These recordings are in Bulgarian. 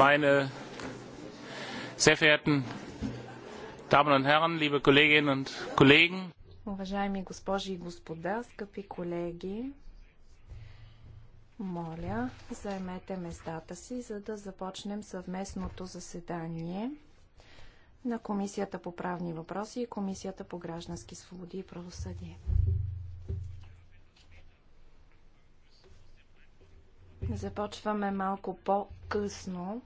meine sehr verehrten Damen und Herren, liebe Kolleginnen und Kollegen. Уважаеми госпожи и господа, скъпи колеги, моля, заемете местата си, за да започнем съвместното заседание на Комисията по правни въпроси и Комисията по граждански свободи и правосъдие. Започваме малко по-късно,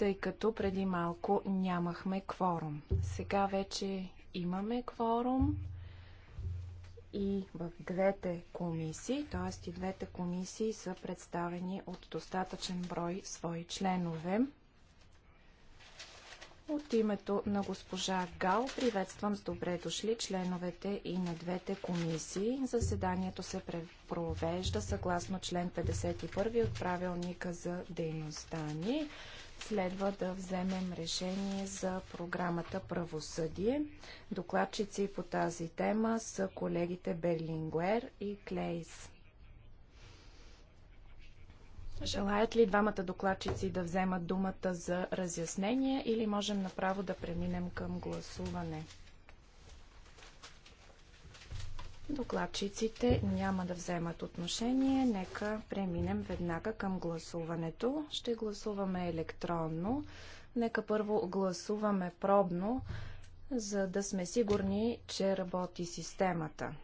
тъй като преди малко нямахме кворум. Сега вече имаме кворум и в двете комисии, т.е. и двете комисии са представени от достатъчен брой свои членове. От името на госпожа Гал приветствам с добре дошли членовете и на двете комисии. Заседанието се провежда съгласно член 51 от правилника за дейността ни следва да вземем решение за програмата Правосъдие. Докладчици по тази тема са колегите Берлингуер и Клейс. Желаят ли двамата докладчици да вземат думата за разяснение или можем направо да преминем към гласуване? Докладчиците няма да вземат отношение. Нека преминем веднага към гласуването. Ще гласуваме електронно. Нека първо гласуваме пробно, за да сме сигурни, че работи системата.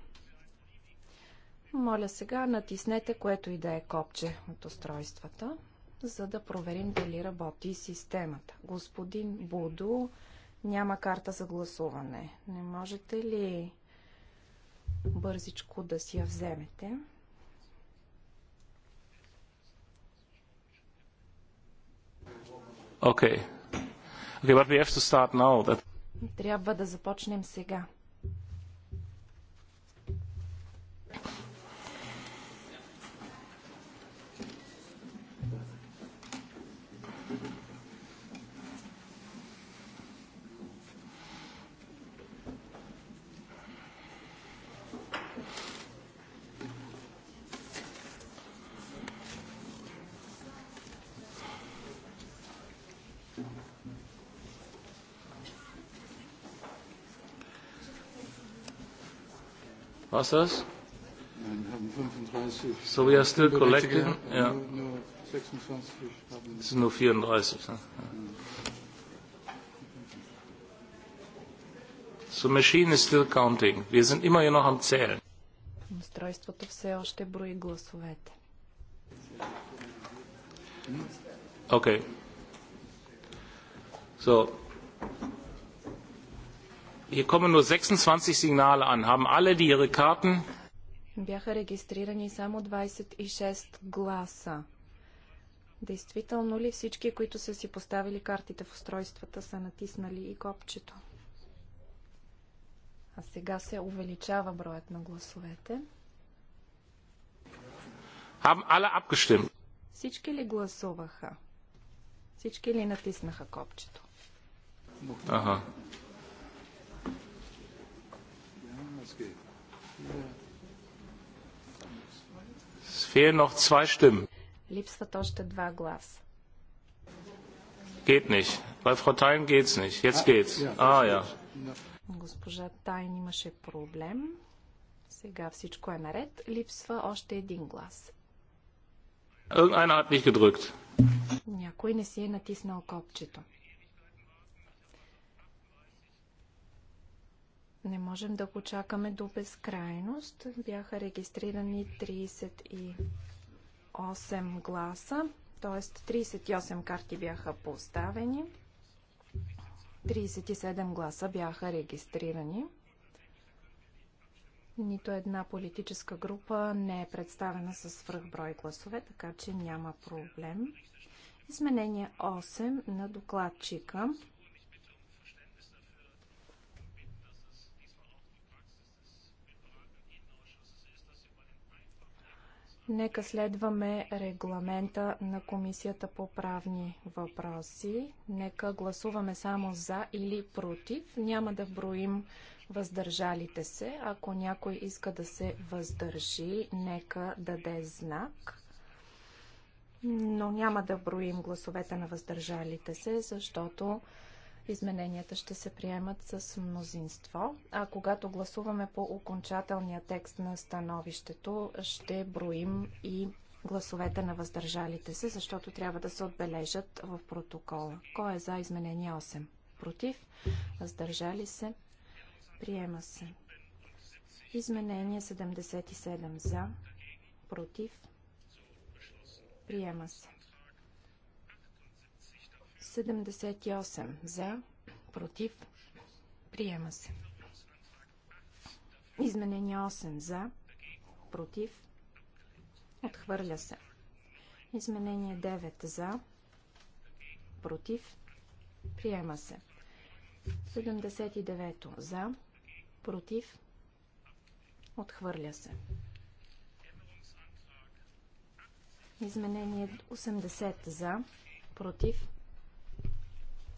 Моля сега натиснете което и да е копче от устройствата, за да проверим дали работи системата. Господин Будо, няма карта за гласуване. Не можете ли бързичко да си я вземете. Okay. Okay, but we have to start now. That... Трябва да започнем сега. Was das? Nein, wir haben 35. So, we are still collecting. Ja. Nur 26 haben es sind nur 34. Ne? So, machine is still counting. Wir sind immer hier noch am Zählen. Устройството все още брои гласовете. Окей. Okay. So, Hier kommen nur 26 Signale an. Haben alle die ihre Karten? Бяха регистрирани само 26 гласа. Действително ли всички, които са си поставили картите в устройствата, са натиснали и копчето? А сега се увеличава броят на гласовете. Всички ли гласуваха? Всички ли натиснаха копчето? Липсват още два гласа. Geht nicht. Bei Frau geht's nicht. Jetzt geht's. Ah, ja. Госпожа Тайн имаше проблем. Сега всичко е наред. Липсва още един глас. hat nicht Някой не си е натиснал копчето. Не можем да го чакаме до безкрайност. Бяха регистрирани 38 гласа, т.е. 38 карти бяха поставени. 37 гласа бяха регистрирани. Нито една политическа група не е представена с свръхброй гласове, така че няма проблем. Изменение 8 на докладчика. Нека следваме регламента на Комисията по правни въпроси. Нека гласуваме само за или против. Няма да броим въздържалите се. Ако някой иска да се въздържи, нека даде знак. Но няма да броим гласовете на въздържалите се, защото Измененията ще се приемат с мнозинство, а когато гласуваме по окончателния текст на становището, ще броим и гласовете на въздържалите се, защото трябва да се отбележат в протокола. Кой е за изменение 8? Против? Въздържали се? Приема се. Изменение 77 за. Против? Приема се. 78 за, против, приема се. Изменение 8 за, против, отхвърля се. Изменение 9 за, против, приема се. 79 за, против, отхвърля се. Изменение 80 за, против,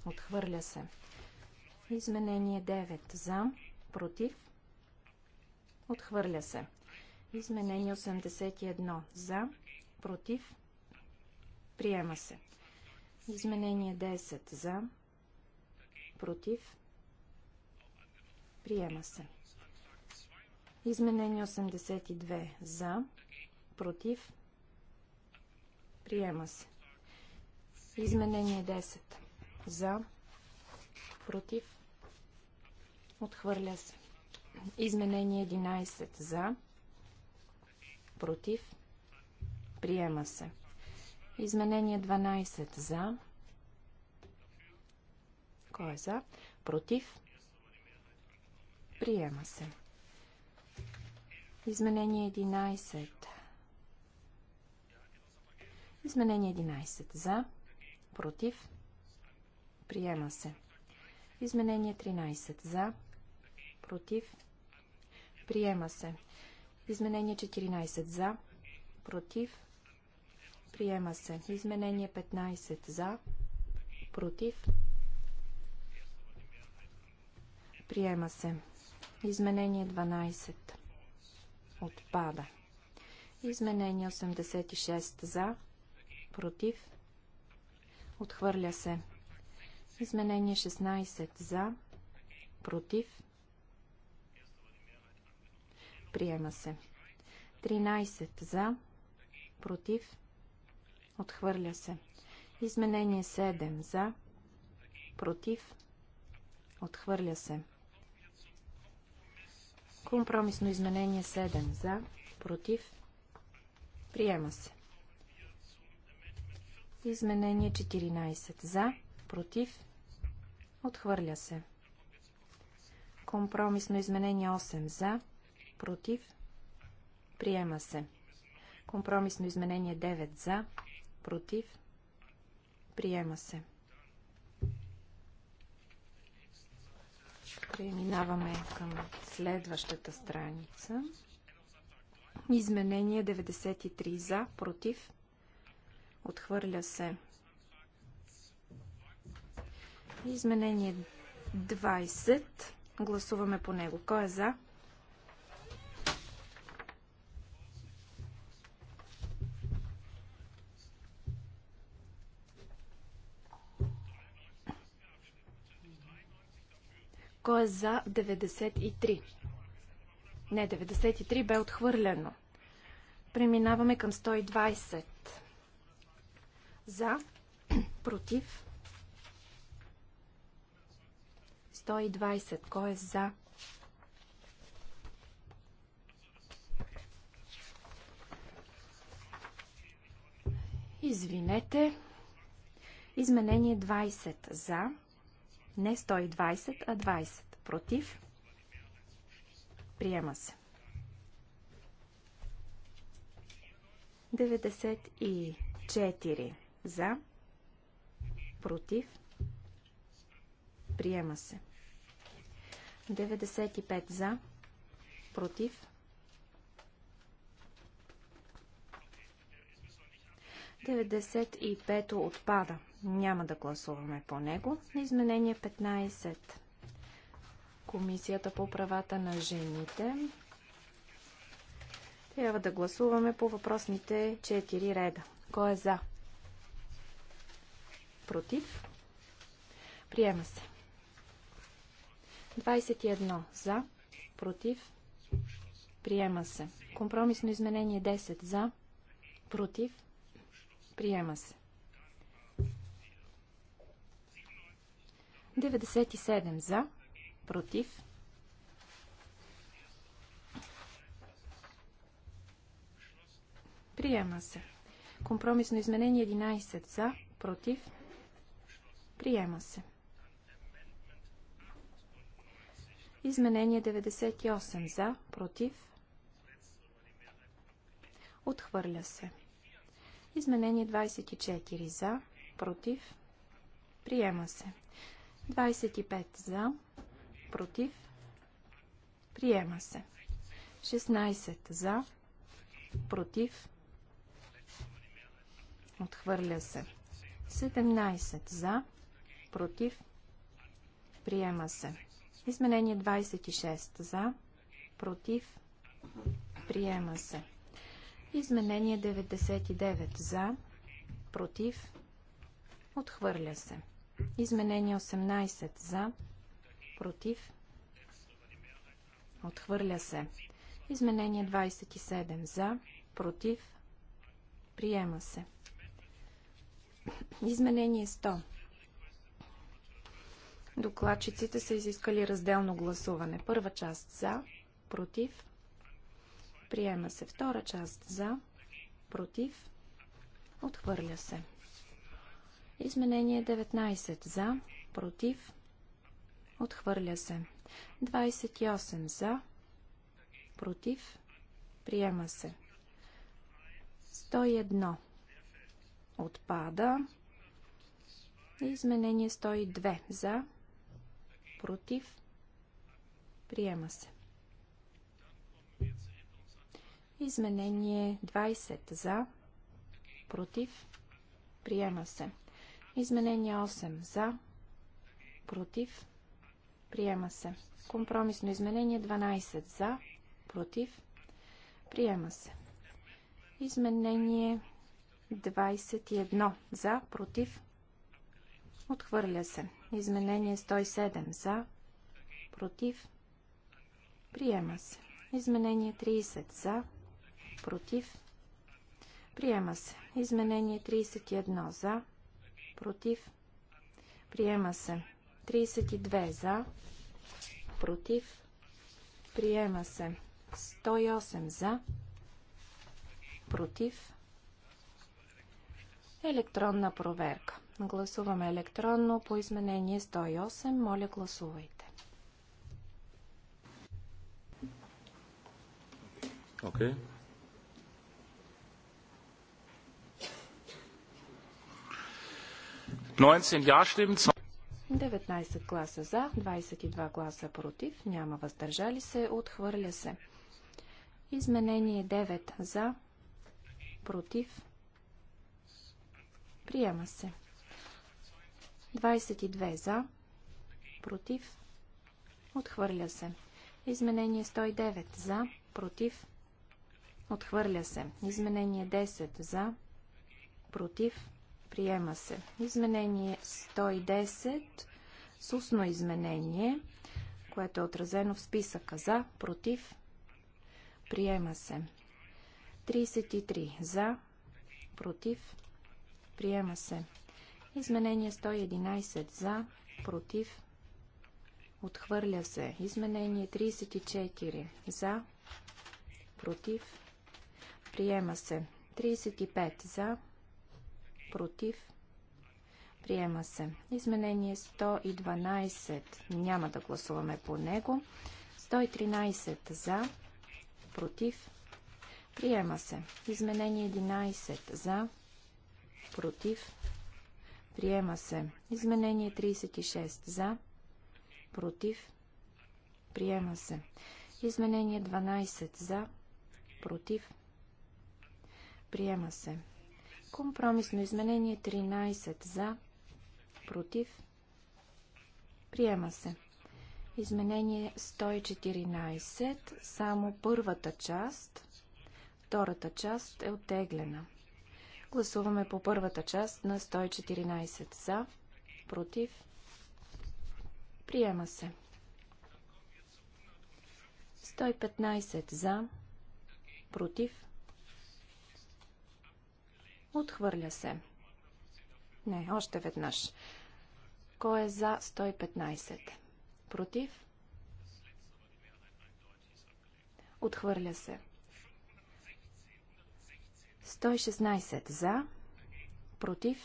Отхвърля се. Изменение 9. За. Против. Отхвърля се. Изменение 81. За. Против. Приема се. Изменение 10. За. Против. Приема се. Изменение 82. За. Против. Приема се. Изменение 10. За. Против. Отхвърля се. Изменение 11. За. Против. Приема се. Изменение 12. За. Кой е за? Против. Приема се. Изменение 11. Изменение 11. За. Против. Приема се. Изменение 13. За. Против. Приема се. Изменение 14. За. Против. Приема се. Изменение 15. За. Против. Приема се. Изменение 12. Отпада. Изменение 86. За. Против. Отхвърля се. Изменение 16 за, против, приема се. 13 за, против, отхвърля се. Изменение 7 за, против, отхвърля се. Компромисно изменение 7 за, против, приема се. Изменение 14 за, против, Отхвърля се. Компромисно изменение 8 за, против, приема се. Компромисно изменение 9 за, против, приема се. Преминаваме към следващата страница. Изменение 93 за, против, отхвърля се. Изменение 20. Гласуваме по него. Кой е за? Кой е за 93? Не, 93 бе отхвърлено. Преминаваме към 120. За, против, 120. Кой е за? Извинете. Изменение 20 за. Не 120, а 20. Против. Приема се. 94 за. Против. Приема се. 95 за, против. Деветдесет отпада. Няма да гласуваме по него. Изменение 15. Комисията по правата на жените. Трябва да гласуваме по въпросните 4 реда. Кой е за? Против? Приема се. 21 за, против, приема се. Компромисно изменение 10 за, против, приема се. 97 за, против. Приема се. Компромисно изменение 11 за, против. Приема се. Изменение 98 за, против, отхвърля се. Изменение 24 за, против, приема се. 25 за, против, приема се. 16 за, против, отхвърля се. 17 за, против, приема се. Изменение 26 за, против, приема се. Изменение 99 за, против, отхвърля се. Изменение 18 за, против, отхвърля се. Изменение 27 за, против, приема се. Изменение 100 Докладчиците са изискали разделно гласуване. Първа част за, против. Приема се втора част за, против. Отхвърля се. Изменение 19 за, против. Отхвърля се. 28 за, против. Приема се. 101 отпада. Изменение 102 за, Против. Приема се. Изменение 20 за. Против. Приема се. Изменение 8 за. Против. Приема се. Компромисно изменение 12 за. Против. Приема се. Изменение 21 за. Против. Отхвърля се. Изменение 107 за. Против. Приема се. Изменение 30 за. Против. Приема се. Изменение 31 за. Против. Приема се. 32 за. Против. Приема се. 108 за. Против. Електронна проверка. Гласуваме електронно по изменение 108. Моля, гласувайте. Okay. 19 гласа за, 22 гласа против, няма въздържали се, отхвърля се. Изменение 9 за, против, приема се. 22 за, против, отхвърля се. Изменение 109 за, против, отхвърля се. Изменение 10 за, против, приема се. Изменение 110 с устно изменение, което е отразено в списъка за, против, приема се. 33 за, против, приема се. Изменение 111 за, против, отхвърля се. Изменение 34 за, против, приема се. 35 за, против, приема се. Изменение 112 няма да гласуваме по него. 113 за, против, приема се. Изменение 11 за, против, Приема се. Изменение 36. За. Против. Приема се. Изменение 12. За. Против. Приема се. Компромисно изменение 13. За. Против. Приема се. Изменение 114. Само първата част. Втората част е оттеглена. Гласуваме по първата част на 114 за, против. Приема се. 115 за, против. Отхвърля се. Не, още веднъж. Кой е за 115? Против? Отхвърля се. 116 за, против.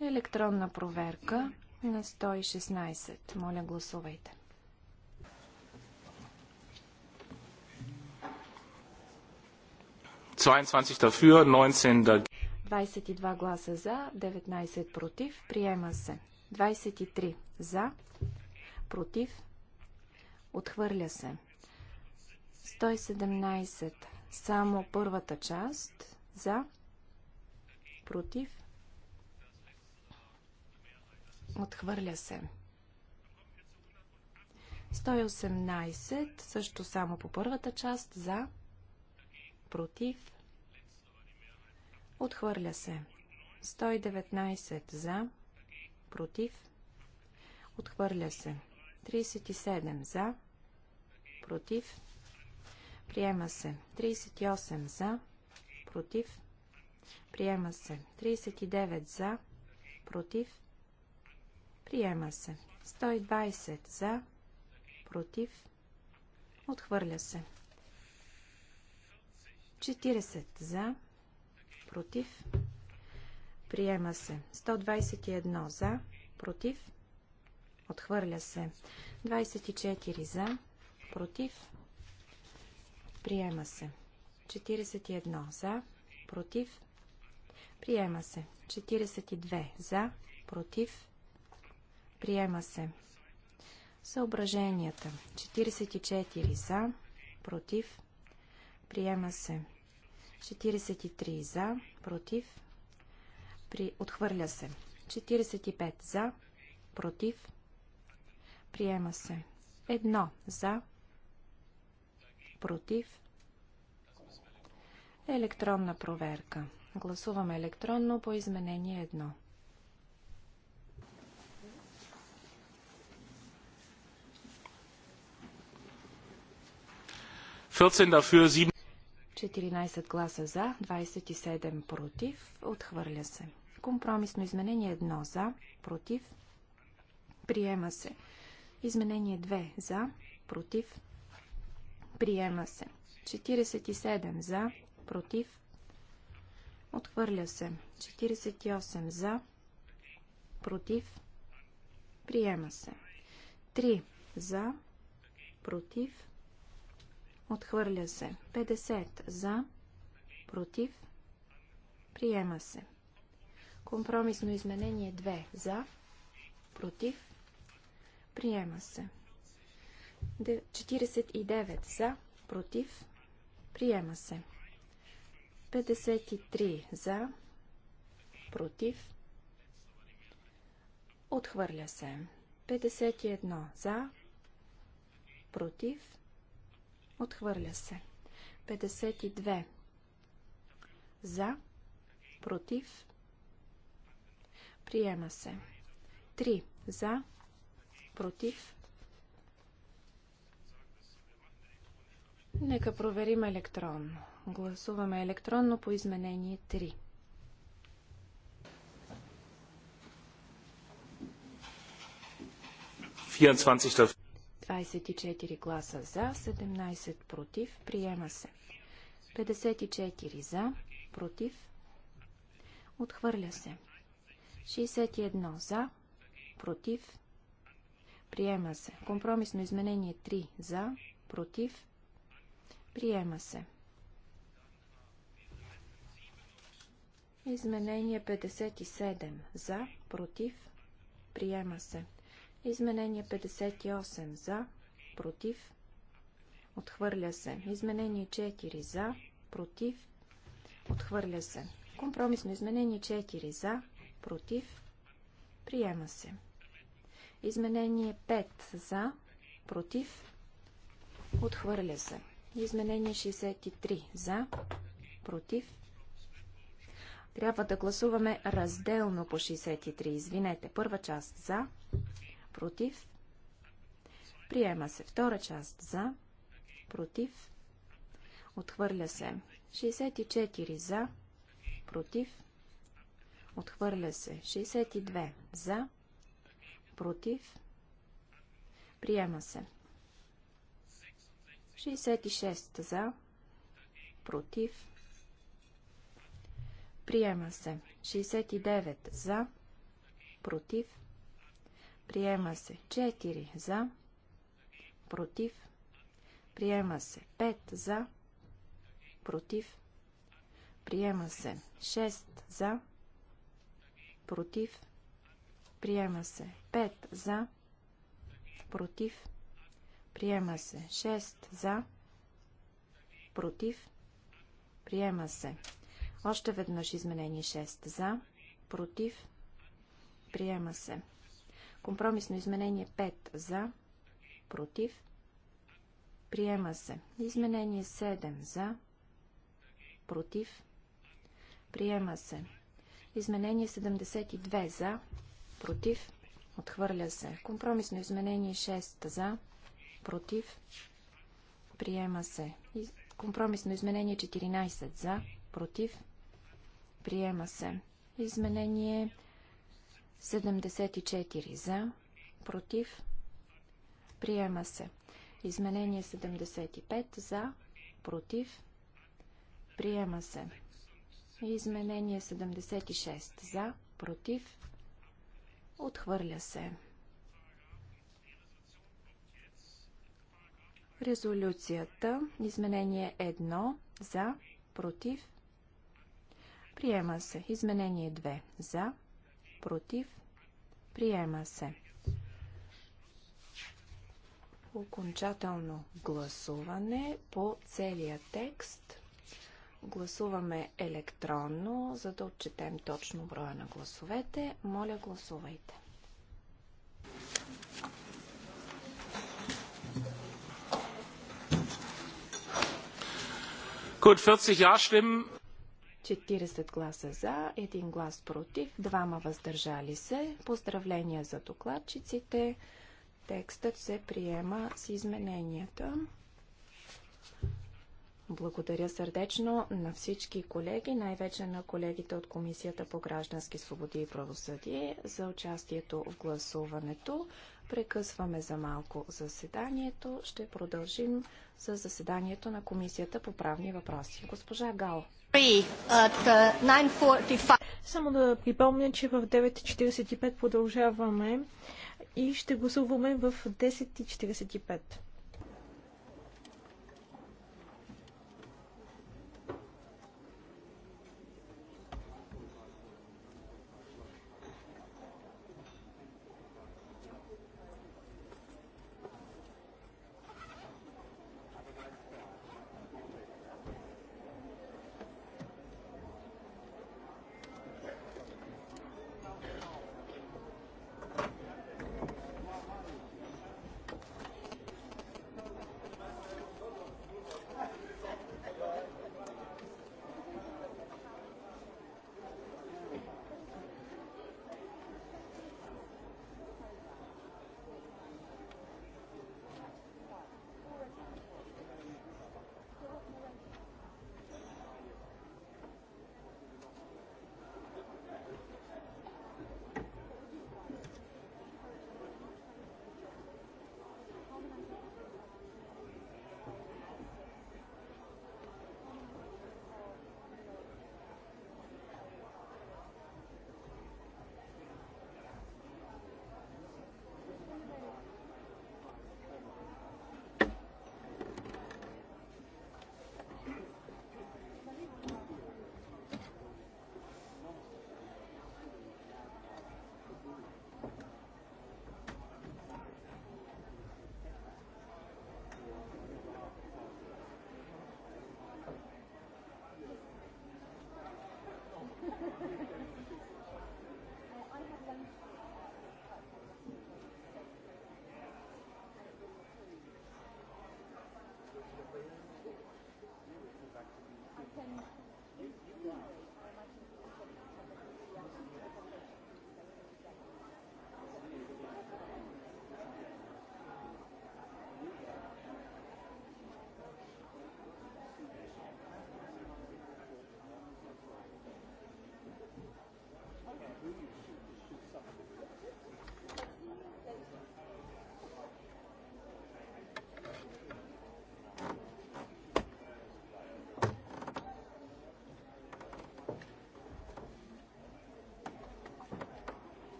Електронна проверка на 116. Моля, гласувайте. Дафюр, 19... 22 гласа за, 19 против. Приема се. 23 за, против. Отхвърля се. 117 само първата част за, против, отхвърля се. 118, също само по първата част, за, против, отхвърля се. 119 за, против, отхвърля се. 37 за, против, Приема се. 38 за. Против. Приема се. 39 за. Против. Приема се. 120 за. Против. Отхвърля се. 40 за. Против. Приема се. 121 за. Против. Отхвърля се. 24 за. Против. Приема се. 41 за, против. Приема се. 42 за, против. Приема се. Съображенията. 44 за, против. Приема се. 43 за, против. При... Отхвърля се. 45 за, против. Приема се. 1 за, против. Електронна проверка. Гласуваме електронно по изменение 1. Дафюр, 14 гласа за, 27 против. Отхвърля се. Компромисно изменение 1 за, против. Приема се. Изменение 2 за, против. Приема се. 47 за, против. Отхвърля се. 48 за, против. Приема се. 3 за, против. Отхвърля се. 50 за, против. Приема се. Компромисно изменение 2 за, против. Приема се. 49 за, против, приема се. 53 за, против, отхвърля се. 51 за, против, отхвърля се. 52 за, против, приема се. 3 за, против, Нека проверим електронно. Гласуваме електронно по изменение 3. Dafür. 24 гласа за, 17 против. Приема се. 54 за, против. Отхвърля се. 61 за, против. Приема се. Компромисно изменение 3 за, против. Приема се. Изменение 57. За, против, приема се. Изменение 58. За, против, отхвърля се. Изменение 4. За, против, отхвърля се. Компромисно изменение 4. За, против, приема се. Изменение 5. За, против, отхвърля се. Изменение 63 за, против. Трябва да гласуваме разделно по 63. Извинете, първа част за, против. Приема се втора част за, против. Отхвърля се 64 за, против. Отхвърля се 62 за, против. Приема се 66 за, против, приема се. 69 за, против, приема се. 4 за, против, приема се. 5 за, против, приема се. 6 за, против, приема се. 5 за, против, Приема се. 6 за. Против. Приема се. Още веднъж изменение 6 за. Против. Приема се. Компромисно изменение 5 за. Против. Приема се. Изменение 7 за. Против. Приема се. Изменение 72 за. Против. Отхвърля се. Компромисно изменение 6 за против, приема се. Компромисно изменение 14 за, против, приема се. Изменение 74 за, против, приема се. Изменение 75 за, против, приема се. Изменение 76 за, против, отхвърля се. резолюцията. Изменение 1 за, против, приема се. Изменение 2 за, против, приема се. Окончателно гласуване по целия текст. Гласуваме електронно, за да отчетем точно броя на гласовете. Моля, гласувайте. 40 Ja stimmen. 40 гласа за, 1 глас против, 2 въздържали се. Поздравления за докладчиците. Текстът се приема с измененията. Благодаря сърдечно на всички колеги, най-вече на колегите от Комисията по граждански свободи и правосъдие за участието в гласуването. Прекъсваме за малко заседанието. Ще продължим с заседанието на Комисията по правни въпроси. Госпожа Гал. Само да припомня, че в 9.45 продължаваме и ще гласуваме в 10.45.